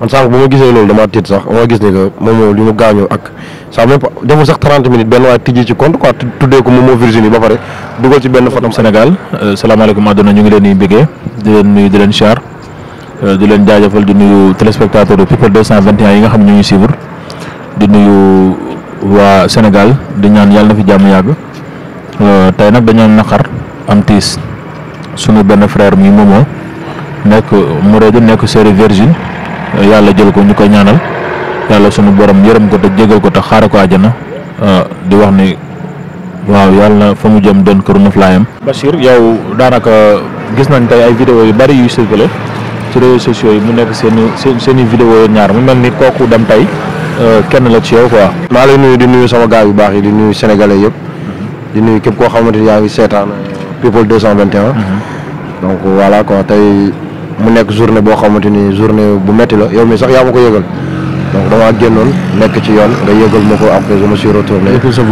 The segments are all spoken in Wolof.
man sànq bu ma gisee loolu damaa tiit sax ma gis ni que moom li mu gaañoo ak sax même deful sax 30 minutes benn waaye tijji ci compte quoi tuddee ko Momo Virginie ba pare dugal ci benn fotom Sénégal euh, salaamaaleykum àdduna ñu ngi leen di bëggee di leen nuyu di leen char euh, di leen jaajëfal di nuyu téléspectateur People 221 yi nga xam ñu ngi suivre di nuyu waa Sénégal di ñaan yàlla na fi jàmm yàgg euh, tey nag dañoo naqar am tiis sunu benn frère muy Momo nekk Mouride nekk Série Virgin. yàlla jël ko ñu koy ñaanal yàlla sunu borom yërëm ko te jégal ko te xaare ko àjjana euh, di wax ni waaw yàlla fa mu jëm doon këru noflaayam. Bachir yow daanaka gis nañ tey ay vidéo yu bari yuy circulé ci réseaux sociaux yi mu nekk seen i seen seen i ñaar mu mel ni kooku dem tey euh, kenn la ci yow quoi. maa lay nuyu di nuyu sama gaay yu baax yi di nuyu sénégalais yëpp di nuyu képp koo xamante ni yaa ngi seetaan euh, People 221. Mm-hmm. donc voilà quoi tey. mu nekk journée boo xamante ni journée bu métti la yow mi sax yaa ma ko yëgal donc damaa génnoon nekk ci yoon nga yëgal ma ko après je me suis retourné. donc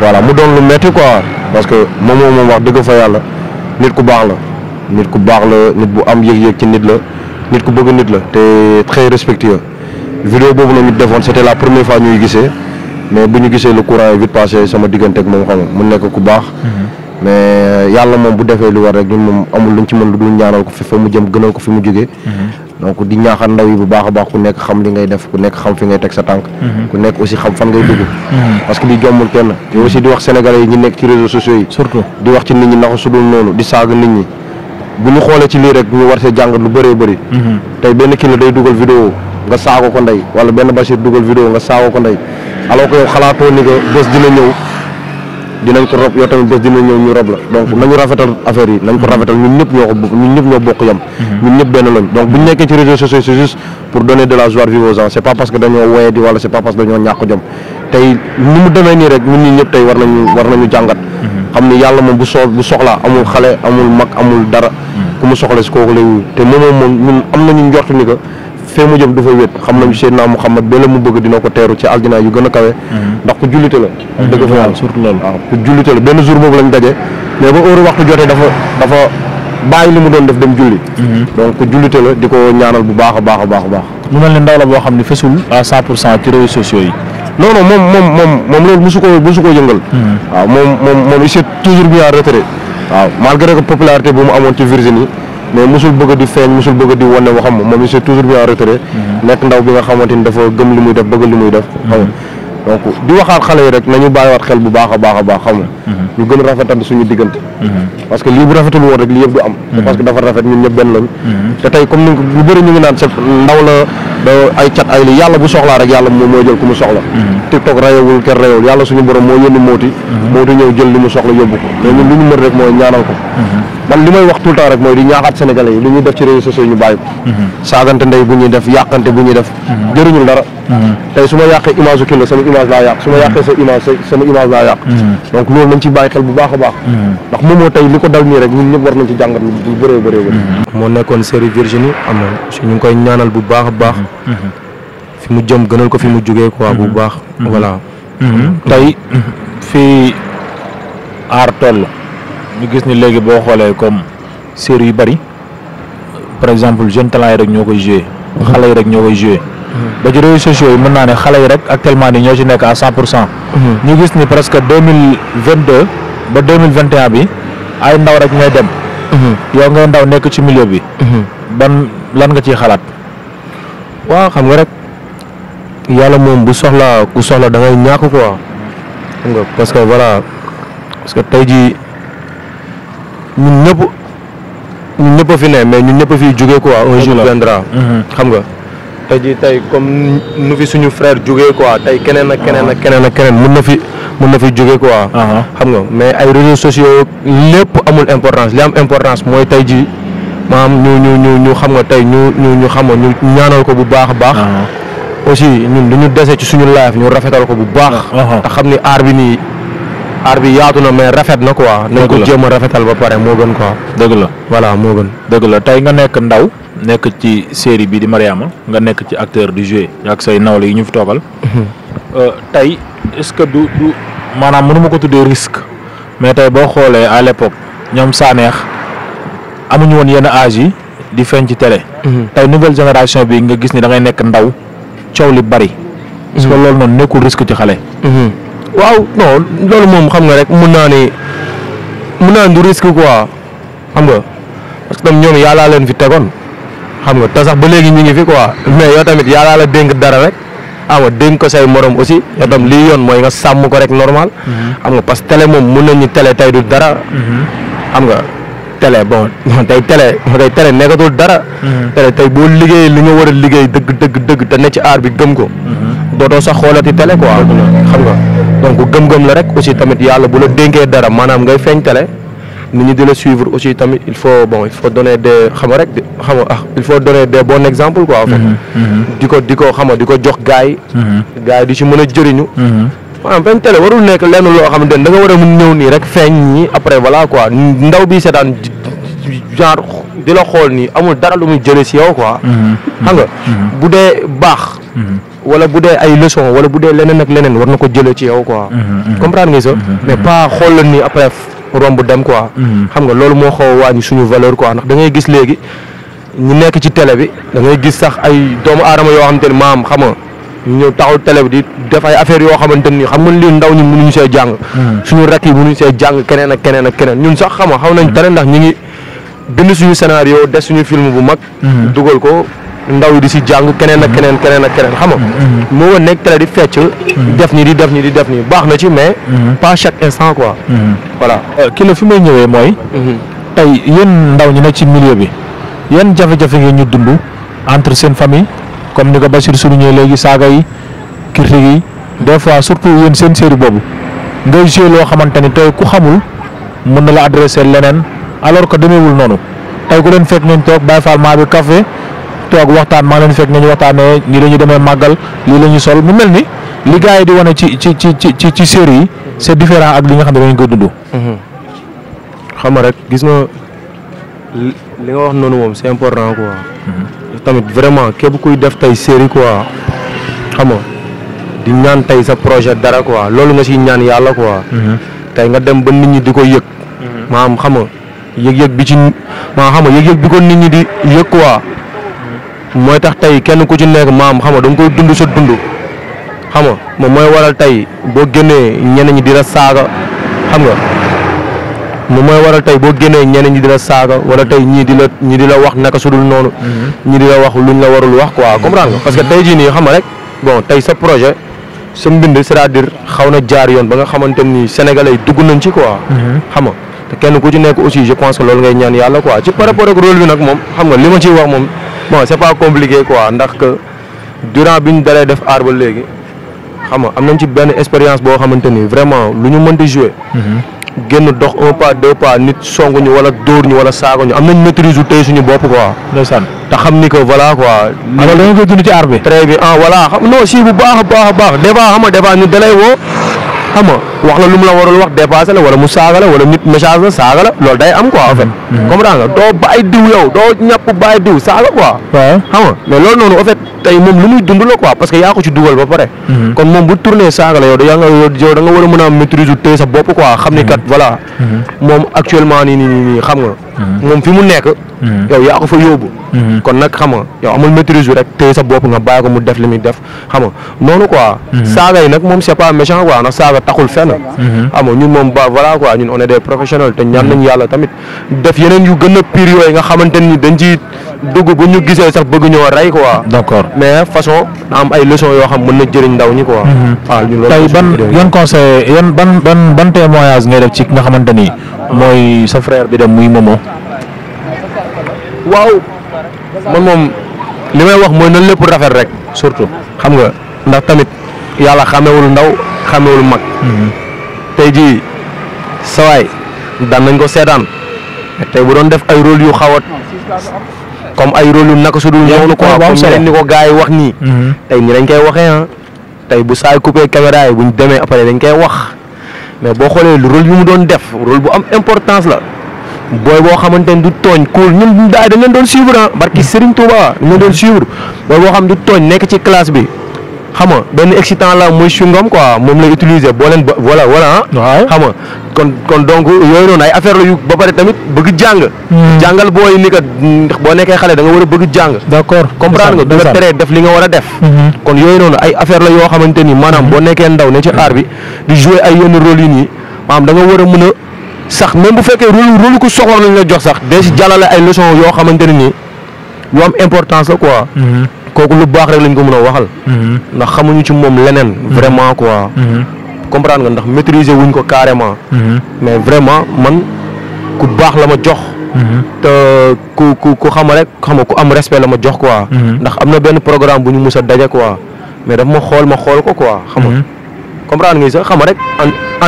voilà mu doon lu métti quoi. parce que moom moom wax dëgg fa yàlla nit ku baax la nit ku baax la nit bu am yëg-yëg ci nit la nit ku bëgg nit la te très respectueux. vidéo boobu la ñu defoon c' était la première fois ñuy gisee mais bu ñu gisee le courant est vite passé sama diggante ak moom xam nga mu nekk ku baax. Mm-hmm. mais euh, yàlla moom bu defee lu war rek ñun moom amul luñ ci mën lu dul ñaanal ko fi fa mu jëm gënal ko fi mu jógee mm-hmm. donc di ñaaxal ndaw yi bu baax a baax ku nekk xam li ngay def ku nekk xam fi ngay teg sa tànk mm-hmm. ku nekk aussi xam fan ngay dugg mm-hmm. parce que di jommul kenn te aussi di wax sénégalais yi ñu nekk ci réseaux sociaux yi surtout di wax ci nit ñi naka su dul noonu di saaga nit ñi bu ñu xoolee ci lii rek ñu war see jàngat lu bëree bëri tey benn kii la day dugal vidéo nga saago ko ndey wala benn Bachir dugal vidéo ko ndey alors que dinañ ko rob yow tamit bés dina ñu rob la donc nañu rafetal affaire yi nañ ko rafetal ñun ñëpp ñoo ko ñun ñëpp ñoo bokk yam mhm. ñun ñëpp benn lañ donc bu ñu nekkee ci réseaux sociaux c'est juste pour donner de la joie de vivre aux gens c'est pas parce que dañoo woye di wala c'est pas parce que dañoo ñàkk jom tey ni mu demee nii rek ñun ñi ñëpp tey war nañu jàngat mhm. xam ni yàlla moom bu soxlaa amul xale amul mag amul dara mhm. ku mu soxla si kooku lay wuyu te moom moom ñun am nañu njort ni que fee mu jëm du fa wét xam nañu Seydina Muhammad bee la mu bëgg dina ko teeru ci aljana yu gën a kawe mhm. ndax ku jullite la mhm. dëgg fa yàlla surtout ku jullite la benn jour boobu lañ daje mais ba heure waxtu jotee dafa bàyyi li mu doon def dem julli mhm. donc ku jullite la di ko ñaanal bu baax a baax a baax a baax mu mel ne ndaw la boo xam ne fesul à cent pour cent ci réseaux sociaux yi non non moom moom moom moom loolu mosu koo mosu koo yëngal waaw moom moom moom toujours bien retiré waaw malgré mu amoon ci Virginie mais musul bëgg di feeñ musul bëgg di wane waxam moom il s'est toujours bien retiré. Mm-hmm. nekk ndaw bi nga xamante ni dafa gëm li muy def bëgg li muy def. donc di waxaat xale yi rek na ñu bàyyiwaat xel bu baax a baax a baax xam nga mhm. ñu gën a suñu diggante mhm. parce que lii bu rafetul woon rek lii yëpp du am mhm. parce que dafa rafet ñun ñëpp benn lañ te tey comme ni ñu ñu ngi naan set ndaw la da ay cat ay yàlla bu soxlaa rek yàlla moom mooy jël ku mu soxla tiktok rayewul kenn rayewul yàlla suñu borom moo yónni mooti mooti ñëw jël li mu soxla yóbbu ko mais ñun ñu mën rek mooy ñaanal ko man li may wax tout le temps rek mooy di ñaaxaat sénégalais yi lu ñuy def ci réseaux sociaux ñu bàyyi ko saagante ndey bu ñuy def yàqante bu ñuy def jëriñul dara Mm-hmm. tey su ma yàqee image kii la sama image laa yàq su ma mm-hmm. yàqee sa image sama image laa yàq mm-hmm. donc loolu nañ ci bàyyi xel bu baax a baax ndax moom moo tey li ko dal nii rek ñun ñëpp war nañ ci jàngat bu bëree bëree moo nekkoon série Virginie am na su ñu ngi koy ñaanal bu baax a baax fi mu jëm gënal ko fi mu jógee quoi bu baax voilà tey fii aar na ñu gis ni léegi boo xoolee comme série yu bëri par exemple jeune talent yi rek ñoo koy joué xale yi ñoo koy joué ba ci réseaux sociaux yi mën naa ne xale yi rek actuellement ni ñoo ci nekk à cent pour cent ñu gis ni presque deux mille vingt deux ba deux mille vingt un bi ay ndaw rek ñooy dem yow ngay ndaw nekk ci milieu bi ban lan nga ciy xalaat waaw xam nga rek yàlla moom bu soxla ku soxla da ngay ñàkk quoi xam nga parce que voilà parce que tey jii ñun ñëpp ñun ñëpp fi ne mais ñun ñëpp fi jóge ko un mhm. xam nga tey jii tey comme nu fi suñu frère jógee quoi tey keneen ak keneen ak keneen ak keneen mën na fi mun na fi jógee quoi. Uh-huh. xam nga mais ay réseaux sociaux lépp amul importance li am importance mooy tey jii maanaam ñu ñu ñu ñu xam nga tey ñu ñu ñu xam ñu ñaanal ko bu baax a baax. Uh-huh. aussi ñun duñu dese ci suñu live ñu rafetal ko bu baax. Uh-huh. te xam ni aar bi nii aar bi yaatu na mais rafet na quoi. dëgg nañ ko jéem a rafetal ba pare moo gën quoi. dëgg la voilà moo gën. dëgg la tey nga nekk ndaw. nekk ci série bi di Mariama nga nekk ci acteur du jeu ak say nawle yi ñu fi toogal. Mhm. Euh, tey est-ce que du maanaam mënu ma ko tuddee risque mais tey boo xoolee à l'époque ñoom Sanex amuñu woon yenn âge yi di feeñ ci télé. Mhm. tey nouvelle génération bi nga gis ni da nekk ndaw coow li bari. parce que mhm. loolu noonu nekkul risque ci xale. waaw non loolu moom xam nga rek mun naa ne mun naa ne du risque quoi xam nga parce que tam ñoom yàllaa leen fi tegoon. xam nga te sax ba léegi ñu ngi fi quoi mais yow tamit yàlla la dénk dara rek xam nga dénk ko say morom aussi yow tam lii yoon mooy nga sàmm ko rek normal. Mhm. xam nga parce que télé moom mun nañu télé tey du dara. Mhm. xam nga télé bon tey télé tey télé dara. Mhm. tey boo liggéeyee li nga war a liggéey dëgg dëgg dëgg te ne ci aar bi gëm ko. dootoo sax xoolati télé quoi. xam nga donc gëm la rek aussi tamit yàlla bu la dénkee dara maanaam ngay feeñ télé. nit ñi di la suivre aussi tamit il faut bon il faut donner des xam rek xam nga ah il faut donner des bons exemples quoi. en mhm, mhm. di ko di ko xam di ko jox gars yi. Mhm. gars di ci mën a jëriñu. maanaam benn télé warul nekk lenn loo xamante ne da war a mun ñëw nii rek feeñ ñii après voilà quoi ndaw bi seetaan genre di la xool nii amul dara lu muy jële si yow quoi. xam nga bu dee baax. wala bu dee ay leçon wala bu dee leneen ak leneen war na ko jëlee ci yow quoi. comprendre nga ça mais pas romb dem quoi. Mm-hmm. xam nga loolu moo xaw a wàññi suñu valeur quoi ndax dangay ngay gis léegi ñu nekk ci télé bi da ngay gis sax ay doomu adama yoo xamante ni maam xam nga ñu ñëw taxaw télé bi di def ay yoo xamante ni xam nga lii ndaw ñi mënuñu see jàng. Mm-hmm. suñu rakk yi mënuñu see jàng keneen ak keneen ak keneen ñun sax xam xaw nañ mm-hmm. tane ndax ñu ngi bind suñu scénario des suñu film bu mag. dugal ko. ndaw yi di si jàng keneen ak keneen keneen ak keneen xam moo woon nekk télé di fecc. def nii di def nii di def nii baax na ci mais. pas chaque instant quoi. voilà euh, kii la fi may ñëwee mooy. tey yéen ndaw ñu nekk ci milieu bi yan jafe-jafe ngeen ñu dund entre seen famille comme ni ko Bachir souligné léegi saaga yi kirti yi des fois surtout yéen seen série boobu ngay joué loo xamante ni tey ku xamul mën na la adressé leneen alors que demeewul noonu tey ku leen fekk toog waxtaan maa leen fekk nañu waxtaanee nii la ñu demee màggal lii la sol mu mel ni li di wane ci ci ci ci ci série yi c'est différent ak li nga xam ne dañu koy dund. Mhm. xam nga rek gis nga li nga wax noonu moom c'est important quoi. Mhm. tamit vraiment képp kuy def tey série quoi xam di ñaan tey sa projet dara quoi loolu nga siy ñaan yàlla quoi. Mhm. tey nga dem ba nit ñi di ko yëg. maam xam yëg-yëg bi ci maa xam yëg-yëg bi ko nit ñi di yëg quoi. mooy tax tey kenn ku ci nekk maam xam nga da koy dund sa dund xam nga moom mooy waral tey boo génnee ñeneen ñi di la saaga xam nga moom mooy waral tey boo génnee ñeneen ñi di la wala tey ñii di la ñii di la wax naka su dul noonu. Mm-hmm. ñii di la wax luñ la warul wax quoi comprendre nga. parce que tey jii nii xam nga rek bon tey sa projet sa mbind c'est-à-dire xaw na jaar yoon ba nga xamante ni sénégalais yi dugg nañ ci quoi. Mm-hmm. xam nga te kenn ku ci nekk aussi je pense que loolu ngay ñaan yàlla quoi ci par rapport ak rôle bi nag moom xam nga li ma ciy wax moom. bon c'est pas compliqué quoi ndax que durant bi ñu dalee def aar léegi xam nga am nañ ci benn expérience boo xamante ni vraiment lu ñu mënti jouer. Mhm. génn dox un pas de pas nit songuñu wala dóor ñu wala saago ñu am nañ maîtrise yu tey suñu bopp quoi. ndeysaan te xam ni que voilà quoi. alors da nga koy dund ci aar bi. très bien ah voilà xam non si bu baax a baax a baax des fois xam nga des ñu dalay woo. xam nga wax la lu mu la waroon wax dépassé la wala mu saaga la wala nit message la saaga la loolu day am quoi en fait. Mm-hmm. Mm-hmm. comprendre nga doo bàyyi diw yow doo ñàpp bàyyi diw saaga quoi. waaw xam nga noonu en fait tey moom lu muy dund la quoi parce que yaa ko ci dugal ba pare. Mm-hmm. kon moom bu tourné saaga la yow nga yow da nga war a a maîtriser tey sa bopp quoi xam ni kat voilà. moom actuellement nii nii xam nga. Mm-hmm. moom fi mu nekk. Mm-hmm. yow yaa ko fa yóbbu. Mm-hmm. kon nag xam nga yow amul maîtrise rek te sa bopp nga bàyyi ko mu def li muy def xam nga noonu quoi. saaga yi nag moom c'est pas méchant quoi ndax saaga taxul fen xam nga ñun moom ba voilà quoi ñun on est des te ñaan nañu yàlla tamit def yeneen yu gën a pire yooyu nga xamante ni dañ ci dugg bu ñu gisee sax bëgg ñoo rey quoi. d'accord mais façon na am ay leçons yoo xam mën na jëriñ ndaw ñi quoi. waaw ah, ñun loolu ban yan conseil ban ban ban témoignage ngay def ci nga xamante ni. mooy sa frère bi dem muy Momo. waaw man moom li may wax mooy na lépp rafet rek surtout xam nga ndax tamit yàlla xamewul ndaw xamewul mag. Mhm. tey jii sawaay daan nañ ko seetaan tey bu doon def ay rôle yu xawat comme ay rôle yu naka su dul noonu ko comme ni ko gars yi wax nii. Mhm. tey ñi dañ koy waxee ah tey bu saay coupé caméra yi buñ demee après dañ koy wax. mais boo xoolee rôle yu mu doon def rôle bu am importance la booy boo xamante ne du tooñ kuul ñun daay dañ leen doon suivre ah barki Serigne Touba dañ leen doon suivre booy boo xam du tooñ nekk ci classe bi xam nga benn excitant la mooy chewing ko moom la utiliser boo leen voilà voilà ah. xam nga kon kon donc yooyu noonu ay affaire la yu ba pare tamit bëgg jàng. Hmm. jàngal booy ni que boo nekkee xale da war a bëgg jàng. d'accord comprendre nga du la teree def li nga war a def. Hmm. kon yooyu noonu ay affaire la yoo xamante ni maanaam hmm. boo nekkee ndaw ne ci aar bi di jouer ay yenn rôle yi nii maanaam da war a mën a sax même bu fekkee rôle rôle ku soxla lañ la jox sax dee si jàllale ay leçons yoo xamante ne nii yu am importance la quoi. kooku lu baax rek lañ ko mën a waxal. ndax xamuñu ci moom leneen. vraiment quoi. comprendre nga ndax maîtriser wuñ ko carrément. Mhm. mais vraiment man ku baax la ma jox. Mhm. te la ma jox quoi. Mhm. ndax am na benn programme bu ñu mus a daje quoi mais daf ma xool ma ko quoi. xam nga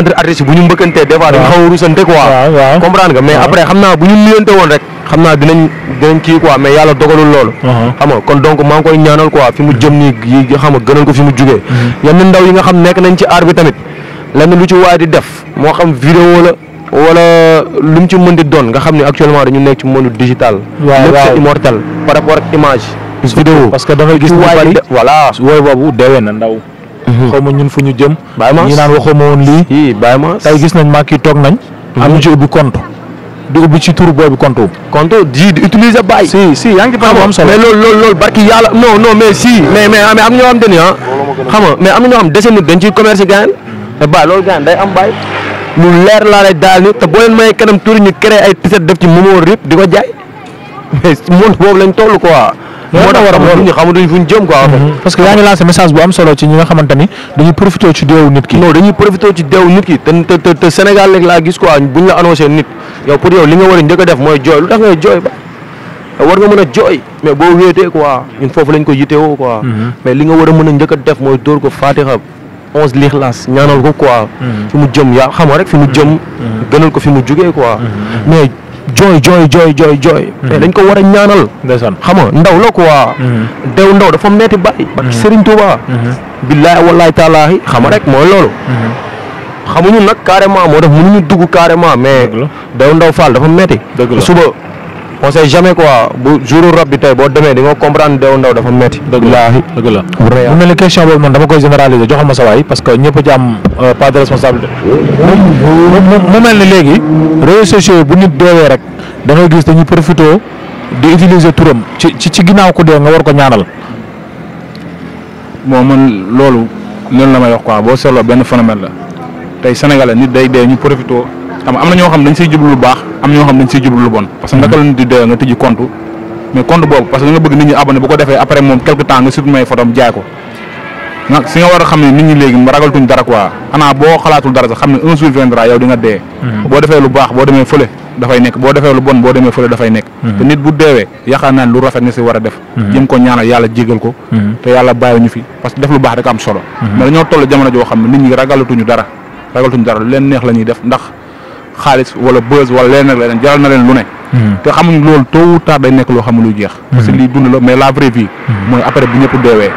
nga bu ñu mbëkkantee des fois a rusante quoi. comprendre nga mais après xam naa bu ñu nuyante woon rek. xam naa dinañ dinañ kii quoi mais yàlla dogalul loolu. Uh-huh. xam nga kon donc maa ngi koy ñaanal quoi fi mu jëm nii yi xam nga gënal ko fi mu jugee. yenn ndaw yi nga xam nekk nañ ci aar tamit. lenn lu ci waay di def moo xam vidéo la wala lu mu ci mën di doon nga xam ne actuellement dañu nekk ci monde digital. waaw lépp c'est immortel par rapport ak image. gis parce que da ngay gis waay voilà wooy boobu deewee na ndaw. Mhm. xaw ma ñun fu ñu jëm. bàyyi ma ñi naan waxoo ma woon lii. yii ma tey gis nañ maa kii toog nañ. Mhm. am ñu ci ubbi compte. di ubbi ci tur boobu compte boobu. compte ji di utiliser bàyyi. si si mais loolu loolu loolu barki yàlla non non mais si mais mais ah. am na ñoo xam te ni xam nga am na dañ ciy te bàyyi loolu gaan day am bàyyi lu leer laa lay daal ni te boo leen mayee kanam tuuri ñu créé ay tiset def ci mënoo rip di ko jaay mais monde boobu lañ toll quoi. moo tax waram loolu ñu xamatuñ fu ñu jëm quoi. Mhm. parce que yaa ngi lancé message nga xamante ni dañuy profité ci deewu nit ki. non dañuy profité ci deewu nit ki te te te li nga war a njëkk a def mooy jooy lu tax ngay jooy a jooy mais boo wéetee quoi ñun foofu lañ ko yitewoo quoi. Mhm. mais war a mën a njëkk def mooy dóor ko faatixa onze lixlaas ñaanal ko quoi. Mm-hmm. fi mu jëm yaa xam nga rek fu mu mm-hmm. jëm. Mm-hmm. gënal ko fi mu jugee quoi. mais jooy jooy jooy jooy jooy. mais dañ ko war a ñaanal. ndeysaan xam nga ndaw la quoi. dew ndaw dafa metti bàyyi. barki Serigne Touba. billaay wallaay taalaahi xam nga rek mooy loolu. xamuñu nag carrément moo def mënuñu dugg carrément mais. dew ndaw Fall dafa metti suba. on sait jamais quoi bu jouru rab bi tey boo demee di nga comprendre dew ndaw dafa metti dëgg la dëgg la mu mel ni dama koy généraliser joxal ma sa waay parce que ñëpp ci am euh, pas de responsabilité mu mel ni léegi réseaux sociaux bu nit deewee rek da ngay gis dañuy profiter di utiliser turam ci ci ci ginnaaw ko dee nga war ko ñaanal moo man loolu loolu la ma wax quoi boo seetloo benn phénomène la tey sénégalais nit day dee ñu profiter xam am na ñoo xam dañ siy jublu lu baax am ñoo xam dañ siy jublu lu bon. parce que mhm. naka nit di doyoo nga tijji compte mais compte boobu parce nga bëgg nit ñi abonné a nit ñi mhm. mhm. deewee yaakaar naa lu rafet nga si war a def. jëm ko ñaanal yàlla jégal ko. te yàlla bàyyi ñu fi parce def lu baax rek am solo. mais dañoo toll jamono joo xam nit ñi ragalatuñu dara ragalatuñu dara leen neex la def ndax xaalis wala buzz wala leneen ak leneen jaral na leen lu ne. Hmm. te xamuñ loolu tôt ou tard day nekk loo xam ne luy jeex. parce que hmm. lii dund la mais la vraie vie. Hmm. mooy après bu ñëpp deewee.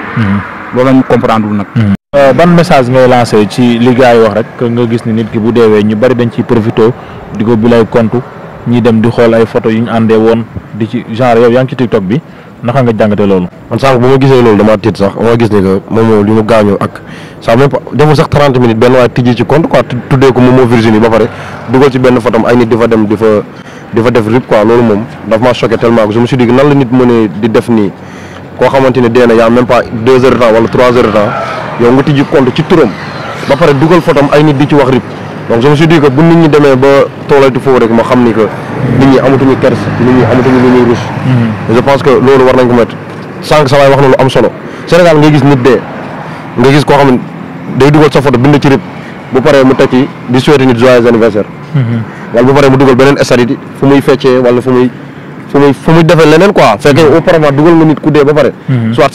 loolu lañ comprendre lu nag. Euh, ban message ngay lancé ci li gars yi wax rek nga gis ni nit ki bu deewee ñu bari dañ ciy profité di ko bilay compte ñi dem di xool ay photo yu ñu àndee woon di ci genre yow yaa ci TikTok bi. naka nga jàngate loolu. man sànq bu ma gisee loolu damaa tiit sax ma gis ni que moom moom li mu gaañoo ak sax même deful sax 30 minutes benn waaye tijji ci compte tuddee ko moom moo Virginie ba pare dugal ci benn fotom ay nit di fa dem di fa def rip quoi loolu moom daf maa choqué tellement que je me suis dit nan la nit mënee di def nii koo xamante ne dee na yaa même pas 2 de temps wala 3 heures de temps yow nga tijji compte ci turam ba pare dugal di ci wax rip. donc je me suis dit que bu nit ñi demee ba toolati foofu rek ma xam ni que nit ñi amatuñu kers nit ñi amatuñu lu ñuy rus mm-hmm. je pense que loolu war nañ ko mettre sànq sa wax na lu am solo Sénégal nga gis nit dee nga gis koo xam ne day dugal sa photo bind ci rib bu paree mu tekki di souhaiter nit joyeux anniversaire mm-hmm. wala bu paree mu dugal beneen statut fu muy feccee wala fu muy fu muy fu muy defee leneen quoi fekkee auparavant dugal nga nit ku dee ba pare mm-hmm. soit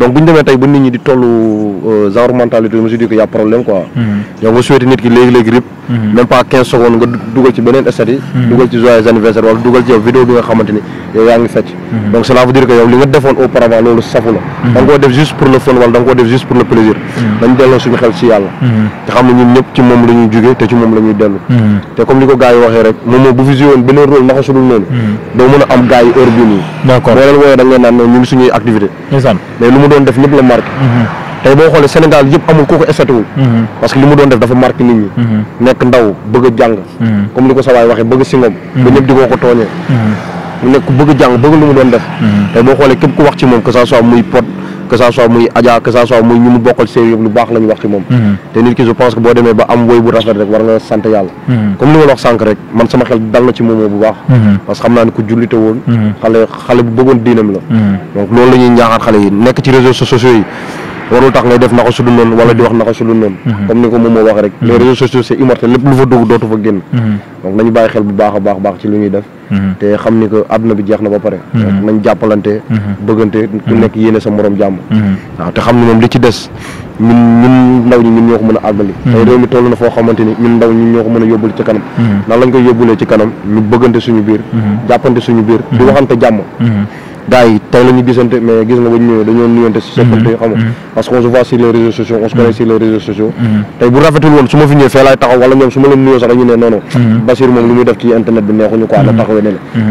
donc bu ñu demee ba nit ñi di toll euh, genre mentalité je me suis dit que problème quoi. donc mm-hmm. nga souhaité nit ki léegi léegi rip. Mm-hmm. même pas 15 secondes nga dugal ci beneen stade mm-hmm. dugal ci joyeux anniversaire wala dugal ci yow vidéo bi nga xamante ni yaa ngi fecc. donc cela veut dire que yow li nga defoon auparavant loolu safu la. da nga def juste pour le fun wala da nga def juste pour le plaisir. dañ delloo suñu xel ci yàlla. te xam ne ñun ñëpp ci moom d'accord boo leen wooyee da nga naan ne ñu ngi suñuy activité mais lu mu doon def ñëpp la marqué mhm. tey boo xoolee Sénégal yëpp amul kooku estatuwul mhm. parce que li mu doon def dafa marqué nit ñi mhm. nekk ndaw bëgg a jàng comme ni ko sawaay waxee bëgg singom ba ñëpp di koo ko tooñee mu nekk ku bëgg a jàng bëgg lu mu doon def tey boo xoolee képp ku wax ci moom que ça soit muy pot que ça soit muy Adja que ça soit muy ñu mu bokkal séew lu baax la wax ci moom mm-hmm. te nit ki je pense que boo demee ba am woy bu rafet rek war nga sant yàlla mm-hmm. comme li ma wax sànq rek man sama xel dal na ci moomoo bu baax mm-hmm. parce que xam naa ne ku jullite woon xale xale bu bëggoon diinam la loolu la ñuy xale yi nekk ci réseaux sociaux yi warul tax ngay def naka su dul noonu wala di wax naka su dul noonu comme ni ko moom moo wax rek Mm-hmm. te xam ni que àdduna bi jeex na ba pare mm-hmm. nañ jàppalante mm-hmm. bëggante ku nekk yéene sa morom jàmm waaw te xam ne moom li ci des ñun ñun ndaw ñi ñun ñoo ko mën a àggali tey réew mi toll na foo xamante ni ñun ndaw ñun ñoo ko mën a yóbbul ci kanam nan lañ koy yóbbulee ci kanam ñu bëggante suñu biir jàppante suñu biir di waxante jàmm gars yi tey la gisante mais gis nga ba ñu ñëwee dañoo nuyante si soppante mhm. xam mhm. parce que on se voit sur les réseaux sociaux mhm. tey bu rafetul woon su ma fi ñëwee fee taxaw wala ñoom su leen nuyoo sax dañu ne non non moom lu muy def ci internet bi neexuñu quoi na taxawee ne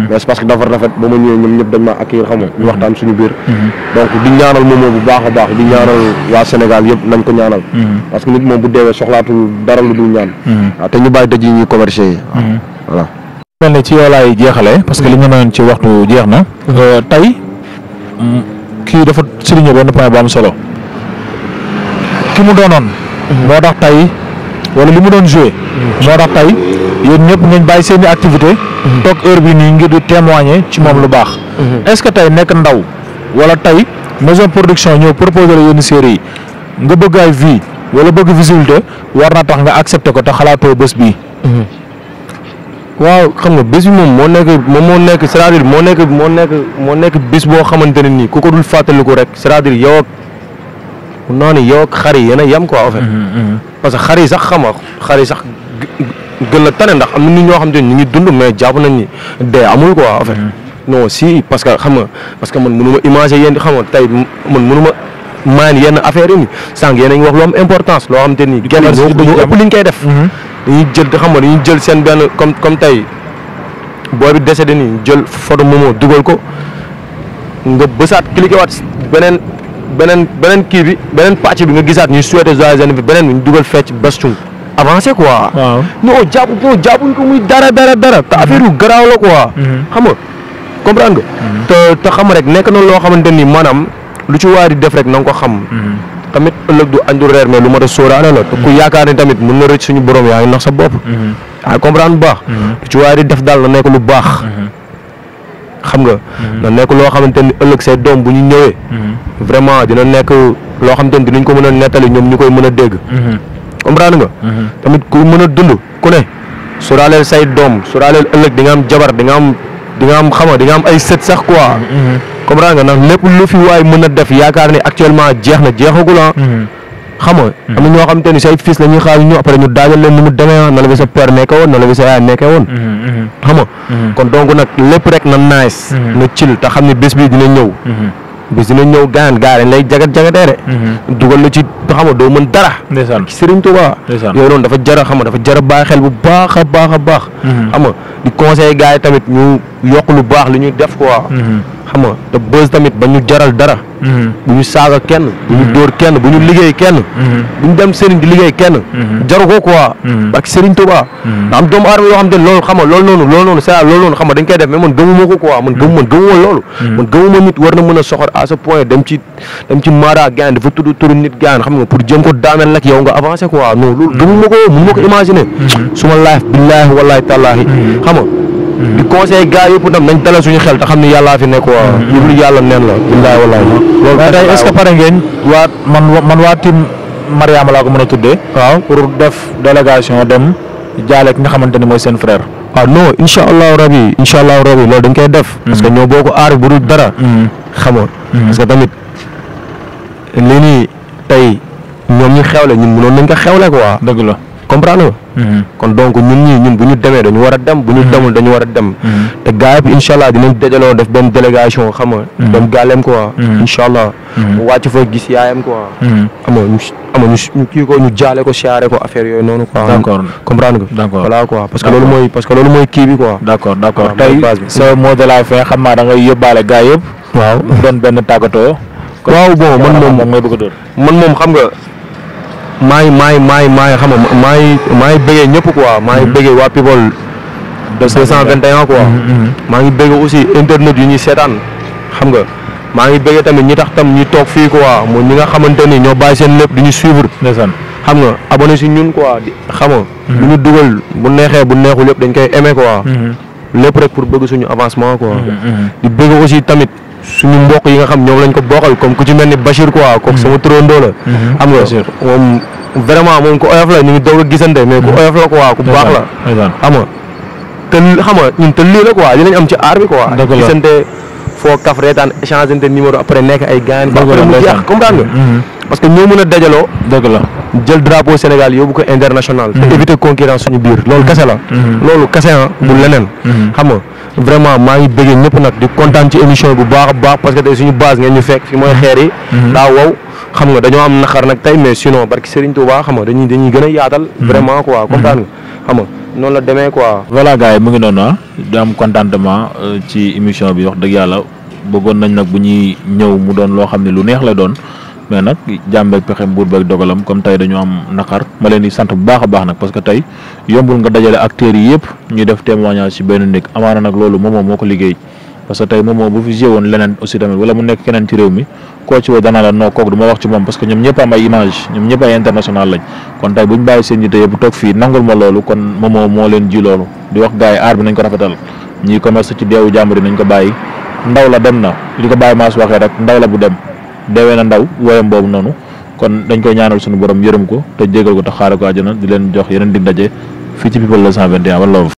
mais c'est parce que dafa rafet ba ma ñëwee ñëpp dañ ma accueillir xam nga ñu waxtaan suñu biir donc di ñaanal moomoo bu baax a baax di ñaanal waa Sénégal yëpp nañ ko ñaanal mel ne ci yow laay jeexale parce que li nga mayoon ci waxtu jeex na euh, tey kii dafa sëriñoo benn point bu am solo ki mu doonoon mhm. moo tax tey wala li mu doon joué mhm. moo tax tey yéen ñëpp ngeen bàyyi seeni activité mhm. toog heure bi nii ngir di témoigner ci moom lu baax est-ce que tey nekk ndaw wala tey maison production ñëw proposé la yenn série yi nga bëgg ay vie wala bëgg visibilité war na tax nga accepté ko te xalaatoo bés bi waaw xam nga bis bi moom moo nekk moom moo nekk cest moo nekk moo nekk moo nekk bis boo xamante ne nii ku ko dul fàttaliku rek c'est-à-dire yow ak mun naa ne yow ak xar yi yéen a yem quoi en mm-hmm, mm-hmm. parce que xar yi sax xam nga xar yi sax gën la tane ndax am na nit ñoo xam te ñu ngi dund mais jàpp nañ ni dee amul quoi en fait. Mm-hmm. non si parce que xam nga parce que man mënu ma imaginer yéen xam nga tey man mënu ma maan yenn affaire yi nii sànq yéen a ngi wax lu importance loo xam te ni. kenn moo ëpp li ñu koy def. dañuy jël xam nga dañuy jël seen benn comme comme tey boo bi décédé nii jël photo Momo dugal ko nga bësaat cliqué waat beneen beneen beneen kii bi beneen pàcc bi nga gisaat ñuy souhaité joyeux anniversaire beneen bi ñu dugal fecc bés avancé quoi. waaw non jàpp non jàppuñ ko muy dara dara dara. te mhm. affaire yu garaaw la quoi. Mhm. xam nga nga. Mhm. te te xam rek nekk na loo xamante ni maanaam lu ci waay di def rek na ko xam. tamit ëllëg du añ du reer mais lu mat a sóoraale la. ku yaakaar ni tamit mun na rëcc suñu borom yaa ngi nax sa bopp. Mhm. yaa ngi comprendre bu baax. Mhm. ci waaye di def daal na nekk lu baax. Mhm. xam nga. na nekk loo xamante ni ëllëg say doom bu ñu ñëwee. vraiment dina nekk loo xamante ni dinañ ko mën a nettali ñoom ñu koy mën a dégg. comprendre nga. tamit ku mën a dund ku ne. sóoraaleel say doom sóoraaleel ëllëg di nga am jabar di am. di am xama di nga am ay set sax quoi. Mm-hmm. comprendre nga nag lépp lu fi waay mën a def yaakaar ni actuellement jeex na jeexagul ah. Mm-hmm. xam nga mm-hmm. am na ñoo xamante ni say fils la ñuy xaar ñu après ñu daajal leen ni mu demee ah na la bi sa père nekkee woon na la bi sa yaay nekkee woon. xam nga kon donc nag lépp rek na nice. na chill te xam ne bés bi dina ñëw. bis dina ñëw gaan gaa dañ lay jagat jagatee de. Mhm. dugal la ci xam nga doo mën dara. ndeysaan Serigne Touba. ndeysaan yooyu noonu dafa jara xam nga dafa jara bàyyi xel bu baax a baax a baax. Mhm. xam nga di conseiller gars yi tamit ñu yokk lu baax li ñu def quoi. Mhm. xam nga te bës tamit ba ñu jaral dara. Mm-hmm. bu ñu saaga kenn. bu ñu mm-hmm. dóor kenn bu ñu liggéey kenn. Mm-hmm. bu ñu dem sëriñ di liggéey kenn. jaru ko quoi. ak sëriñ Tuubaa. nga am doomu aadama yoo xam te ne loolu xam nga loolu noonu loolu noonu saa loolu noonu xam nga dañ koy def mais man gëmuma ko quoi man gëmuma gëmuma loolu. man gëmuma nit war na mën a soxor à ce point dem ci dem gaan dafa tudd turu nit gaan xam nga pour jëm ko daaneel nag yow nga avancé quoi non loolu gëmuma ko mën ma ko imaginer. suma life billahi wallahi di conseil gars yëpp nag nañ dalal suñu xel te xam ne yàllaa fi nekk waa mm-hmm. yëpp lu yàlla neen la billaay wallaay loolu tey est-ce que pare ngeen waa man man waa team Mariama laa ko mën a tuddee waaw def délégation dem jaale ki nga xamante ni mooy seen frère waaw ah, non incha allahu rabi incha allahu rabi loolu dañ koy def parce que mm-hmm. ñoo boo ko aar bu dul dara mm-hmm. xamoon parce que tamit lii nii tey ñoom ñu xewle ñun mënoon nañ ko xewle quoi dëgg la comprendre nga. Mhm. kon donc ñun ñii ñun bu ñu demee dañu war a dem bu ñu mhm. demul dañu war a dem. Mhm. te gaa yëpp incha allah dinañ dajaloo def benn délégation xam nga. dem gaaleem quoi. incha allah. wàcc fa gis yaayam quoi. ama ko ñu jaale ko siyaare ko affaire yooyu noonu quoi. d' accord comprendre nga. d' accord voilà quoi parce que loolu mooy parce que loolu mooy kii bi quoi. d' accord d' accord tey sa la fin xam naa da ngay yóbbaale gaa yëpp. waaw doon benn tàggatoo. waaw bon man moom man moom xam nga. maay maay maay maay xam nga maay maay bëggee ñëpp quoi maay mhm. bëggee waa people de 221 quoi mhm, mhm. maa ngi bëggee aussi internet yu ñuy seetaan xam nga maa ngi bëggee tamit ñi tax tam ñi toog fii ko quoi moom ñi nga xamante ni ñoo bàyyi seen lépp du ñu suivre xam nga abonné si ñun quoi xam nga lu ñu dugal bu neexee bu neexul yëpp dañ koy aimé quoi lépp rek pour bëgg suñu avancement quoi di bëgg aussi tamit suñu mbokk yi nga xam ñoom lañ ko bokkal comme ku ci mel ni Bachir quoi. kooku sama mm-hmm. turandoo la. Mm-hmm. xam nga moom vraiment moom ku oyof la ñu ngi doog a gisante mais ku mm-hmm. oyof la quoi ku baax la. xam nga te ñun te lii la quoi li lañ am ci aar bi quoi. dëgg la gisante foo kaf reetaan échange numéro après nekk ay gaañ. dëgg la après mu jeex comprendre nga. parce que ñoo mën a dajaloo. dëgg la jël drapeau Sénégal yóbbu ko international. te mhm. éviter concurrence suñu biir loolu kese la. Mhm. loolu kese bu ah, mhm. leneen. xam nga vraiment maa ngi bëggee ñëpp nag di kontaan ci émission bu baax baax parce que suñu base ngeen ñu fekk fi mooy xeer yi. xam nga dañoo am naqar nag tey mais sinon barki Serigne Touba xam nga dañuy dañuy gën a yaatal. vraiment quoi kontaan nga xam la demee quoi. voilà yi mu ngi noonu ah am contentement euh, ci émission bi yox dëgg yàlla bëggoon nañ nag bu ñuy ñëw mu doon loo xam ne lu neex la doon. mais nag jàmbeeg pexem buur beeg dogalam comme tey dañu am naqar ma leen di sant bu baax a baax nag parce que tey yombul nga dajale acteurs yi yëpp ñu def témoignage ci benn nekk amaana nag loolu moomoo moo ko liggéey parce que tey moomoo bu fi joué leneen aussi tamit wala mu nekk keneen ci réew mi koo ci dana la noo kook du wax ci moom parce que ñoom ñëpp am ay image ñoom ñëpp ay international lañ kon tey bu bàyyi seen jite yi bu dem deewee na ndaw woyam boobu noonu kon dañ koy ñaanal suñu borom yërëm ko te jégal ko te xaaral ko na di leen jox yeneen dig daje fii ci People 221 wala